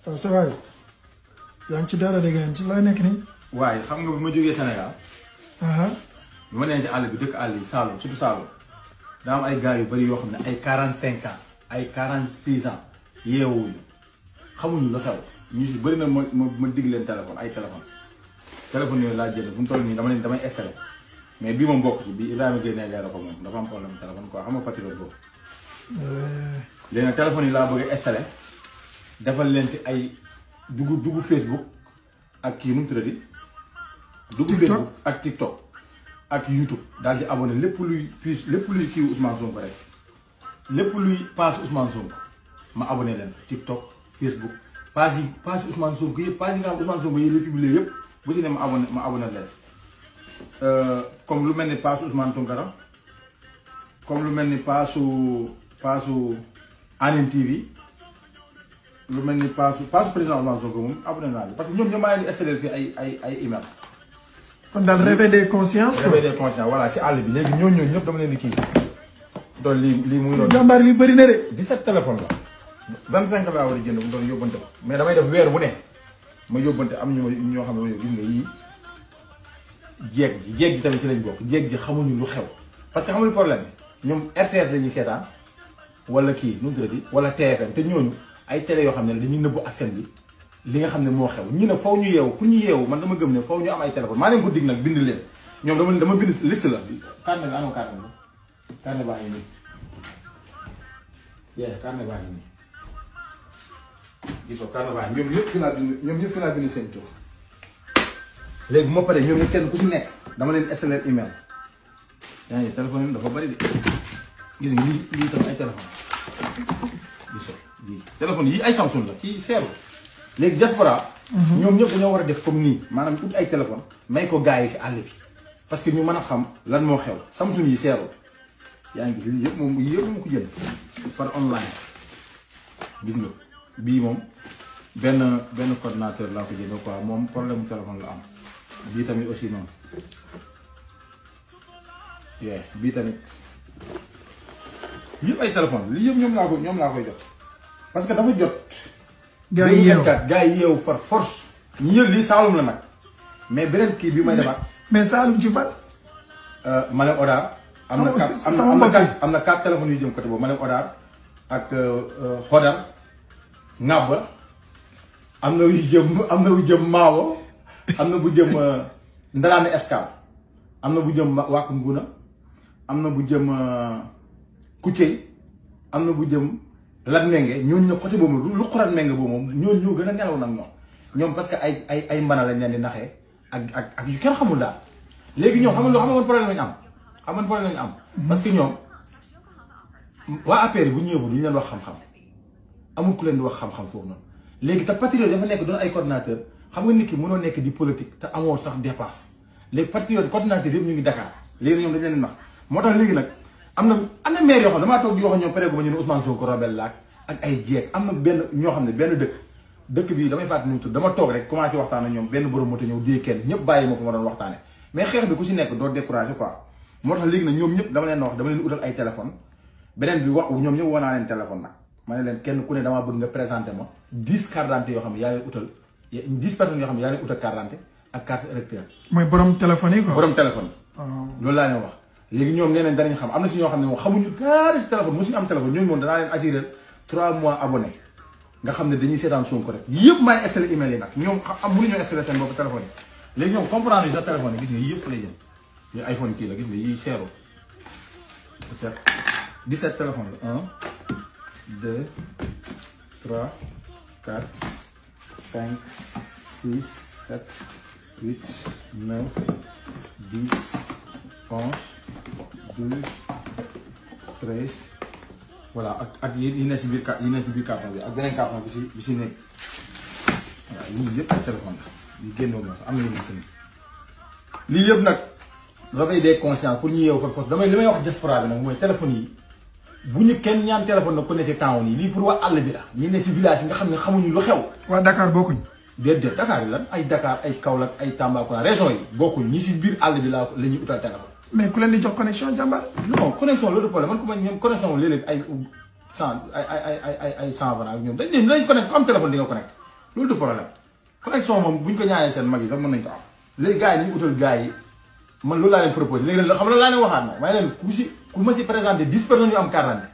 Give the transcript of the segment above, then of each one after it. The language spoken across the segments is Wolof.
sa waay yaa ngi ci dara dégg nga ci looy nekk nii. waaye xam nga bu ma jógee Sénégal. bi ma nee ci àll bi dëkk àll yi Saloum surtout Saloum daa am ay gars yu bëri yoo xam ne ay quarante cinq ans ay quarante six ans yeewuñu xamuñu la xew ñu si bëri na ma ma ma dig leen téléphone ay téléphone téléphone yooyu laa jënd bu mu toll nii dama leen damay installé mais bii moom bokk ci bii Ibrahima Gueye nee leeral ko moom dafa am problème téléphone quoi xam nga patriote boobu. léegi nag téléphone yi laa bëgg a installé. Je vais ay Facebook ak Facebook TikTok ak YouTube d'aller di abonné puis les luy Ousmane Sonko rek lépp luy passe Ousmane TikTok Facebook Pas y passe Ousmane Sonko pas passe yi à Ousmane Sonko à publié bu ma euh, comme lu vous passe Ousmane comme lu TV. lu mel ni paasu paasu président Ousmane parce que ñoom ñoom maa leen di ay ay ay email. kon daal réveil des consciences. réveil si àll bi léegi ñooñu ñëpp dama leen di kii. doon lii lii muy doon jàmbaar li bëri na de. 17 téléphone la. 25 laa war a mu doon yóbbante ko mais damay def weer bu ne ma yóbbante am ñu ñoo xam gis nga yii jeeg ji jeeg ji tamit ci lañ bokk xamuñu lu xew parce que xamuñu problème bi ñoom RTS la ñuy seetaan wala kii nu mu wala TFM te ñooñu. ay télé yoo xam ne dañuy nëbbu askan bi li nga xam ne moo xew ñi ne faw ñu yeewu pour ñu yeewu man dama gëm ne faw ñu am ay téléphone maa leen ko dig nag bind leen ñoom dama dama bind liste la. carnet bi amoo carnet bi carnet baa ngi nii yee ñoom ñëpp laa bind ñoom ñëpp fi laa bind dama leen installer email yaa dafa bari de gis nga lii tam ay téléphone bii téléphone yi ay Samsung la kii seeru léegi diaspora mhm. ñoom ñëpp ñoo war a def comme nii maanaam ut ay téléphone may ko gars yi si àll bi parce que ñu mën a xam lan moo xew Samsung yi seeru yaa ngi gis yëpp moom yëpp mu ko jënd par online gis bii moom benn benn coordinateur laa ko jëndee quoi moom problème téléphone la am bii tamit aussi noonu yeah bii tamit yëpp ay téléphone li yëpp ñoom laa ko ñoom laa koy jox parce que dafa jot. gaa yi yeew gaa yi far force. ñu jël salum la nak mais benen ki bi may defaat. mais salum ci fat euh Malem oda amna amna am na am na quatre téléphones yu jëm côté bo Malem oda ak euh Ngabba euh, ngaba amna yu jëm amna yu jëm mawo amna bu jëm euh, Ndaraane escal amna bu jëm wakum guna amna bu jëm euh, Kucey amna bu jëm. Lat Menge ñooñu nag côté boobu lu xuran Menge boobu moom ñooñu ñoo gën a nelaw nag ñoom ñoom parce que ay ay ay mbana lañ leen di naxee ak ak ak yu kenn xamul daal léegi ñoom xam nga loo xamoon problème lañu am xamoon problème lañu am. parce que ñoom waa APR bu ñu ñëwee leen wax xam-xam amul ku leen di xam-xam foofu noonu léegi te patriote nekk doon ay coordinateur xam nga nit ki mënoo nekk di politique te amoo sax dépasse léegi patriote coordinateur yëpp ñu ngi Dakar léegi ñoom dañ leen nax moo tax léegi nag am na am na maire yoo xam ne damaa toog di benn ñoo xam ne benn dëkk dëkk bi damay fàttali ñu tudd dama toog rek commencé waxtaan ak ñoom benn borom moto ñëw dee kenn ñëpp bàyyi ma fa ma doon waxtaane mais dama leen wax dama leen utal ay téléphone beneen bi wax ñoom ñëpp woo naa leen téléphone nag ma leen kenn ku ne damaa bëgg nga présenté ma dix carte d'identité yoo xam ne yaa leen utal dix yoo xam ne yaa leen utal carte ak carte électeur mooy borom téléphone yi quoi borom téléphone ah. loolu laa leen wax légui ñom nénañ nañ xam amna ci si ñoo xam ne xamuñu dara ci téléphone mosuñu am téléphone ñoo mënd danaa leen assurer 3 mois abonné nga xamné ne dañuy seetaan Sonko rek yëpp may installé email yi nak ñom am buñu installé sen bop téléphone légui ñom comprendre ju téléphone gis nga yëpp lay jëm ñu iPhone ki la gis nga yi seero 17 17 téléphone 1 2 3 4 5 6 7 8 9 10 11 deux ak ak yi ne si biir car yi ne si biir carton bi ak beneen carton bi si bi si nekk waaw yii yëpp ay téléphone la am lii yëpp nag réveil des consciences pour ñu yeewu ko parce damay li may wax diaspora bi nag mooy téléphone yi bu ñu kenn ñaan téléphone nag ku ne si yi lii pour waa àll bi la ñu si village yi nga xam ne xamuñu lu xew. waa Dakar bokkuñ. déedéet Dakar yi lan ay dakaar ay Kaolack ay Tambacounda région yi bokkuñ ñi si biir àll bi laa la mais ku leen di jox connexion jàmbaar. non connexion loolu problème man ku ma ne dañ connecté ku am téléphone di nga connecté loolu du problème connexion moom bu ñu ko ñaanee seen mag yi sax mën nañ ko am léegi gars yi dañu utal gars yi man loolu laa leen proposé léegi nag xam nga loolu laa leen waxaat nag waaye leen ku si ku ma si présenté dix personnes yu am quarante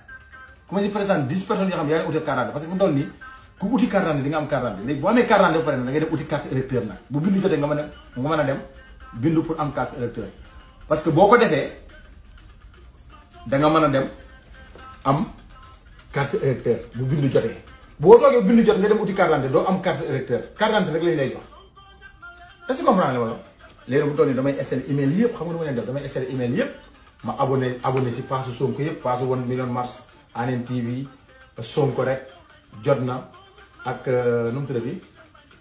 ku ma si présenté dix personnes yoo xam ne yaa ngi utal quarante parce que mu toll nii ku uti carte parce que boo ko defee danga mën a dem am carte électeur bu bindu jotee boo toogee bindu jot nga dem uti carte d'identité doo am carte électeur carte d'identité rek lañ lay jox est-ce que comprendre wala léegi bu toll nii damay essayer email yëpp xam nga nu ma leen def damay essayer email yëpp ma abonné abonné si paasu Sonko yëpp paasu one million mars ANN TV Sonko rek jot na ak euh, nu bi tuddati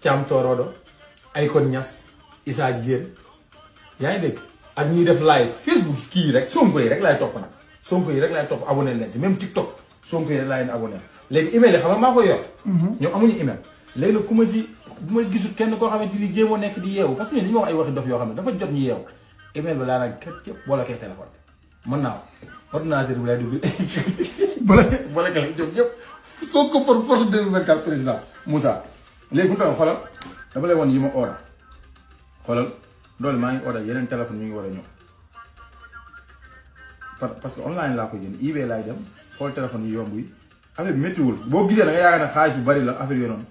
Thiam Torodo Aykon Niass Issa Diène yaa ngi dégg. ak ñuy def live Facebook kii rek Sonko yi rek laay topp nag Sonko yi rek laay topp abonné leen si même TikTok Sonko yi rek laay abonné léegi email yi xam nga maa koy yor. Mhm. ñoom amuñu email. léegi nag ku ma si ku ma gisul kenn koo xamante ni jéemoo nekk di yeewu parce que ñun dañoo wax ay waxi dof yoo xam ne dafa jot ñu yeewu email bi daanaka kat yëpp boole kay téléphone mën naa ko ordinateur bi laay dugg boole boole kay jot yëpp soo ko for force 2024 président Moussa léegi fu yi ma oora doole maa ngi order yeneen téléphone mi ngi war a ñëw parce que online laa ko jënd eBay laay dem xool téléphone yi yomb yi affaire bi méttiwul boo gisee da nga yaakaar xaalis bu bari la affaire yooyu noonu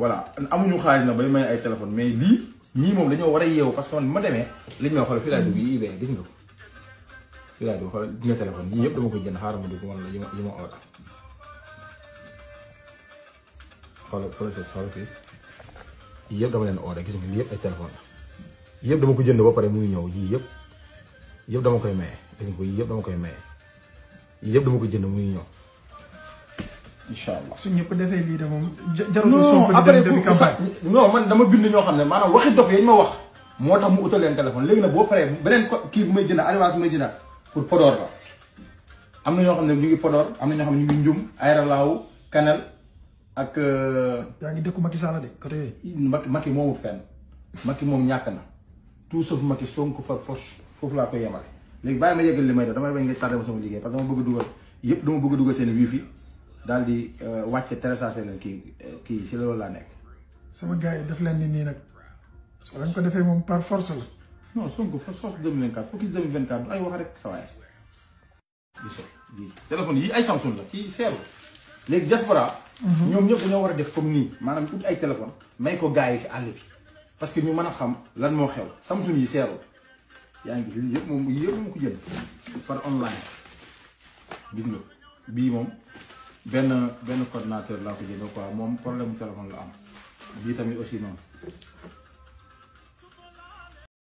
voilà amuñu xaalis na bay may ay téléphone mais lii ñii moom dañoo war a yeewu parce que man ma demee liñ ma xool fii laay dugg yi eBay gis nga ko fii laay dugg xool gis nga téléphone yii yëpp dama ko jënd xaaral ma dugg man la yi ma yi order xoolal process xoolal fii dama leen order gis yëpp ay yëpp dama ko jënd boo pare muy ñëw yii yëpp yëpp dama koy maye gis nga ko yii yëpp dama koy maye yii yëpp dama ko jënd muy ñëw incha allah su ñëpp defee lii de moom. jarul Sonko après non man dama bind ñoo xam ne maanaam waxi dof yañ wax. moo tax mu utal leen téléphone léegi nag boo paree beneen ko kii bu may jënd arrivage bu may pour Podor na ñoo xam ne ñu ngi Podor am na ñoo xam ne ñu ngi Njum Aéré Lao Kanel ak. Euh, yaa ngi dëkku Macky Sall de côté yooyu. Macky Macky moomul fenn Macky moom ñàkk na. tout sauf Macky Sonko fa force foofu laa koy yemale léegi bàyyi ma yeggal li may def damay bañ nga tardé ma sama liggéey parce que dama bëgg dugal yëpp dama bëgg dugal seen wifi daal di euh, wàcce téléchargé leen kii euh, kii si loolu laa nekk. sama gars yi daf leen ni nii nag wala ñu ko defee moom la. non Sonko fa force 2024 focus 2024 ay wax rek sa Samsung la kii seeru léegi diaspora. Mhm. ñoom ñëpp dañoo war a def comme nii maanaam ut ay téléphone may ko gars si àll bi. parce que ñu mën a xam lan moo xew samsung yi seerul yaa ngi gis lii yëpp moom yëpp moom ko jënd par online gis bii moom benn benn coordinateur laa ko jëndee quoi moom problème mu téléphone la am bii tamit aussi noonu.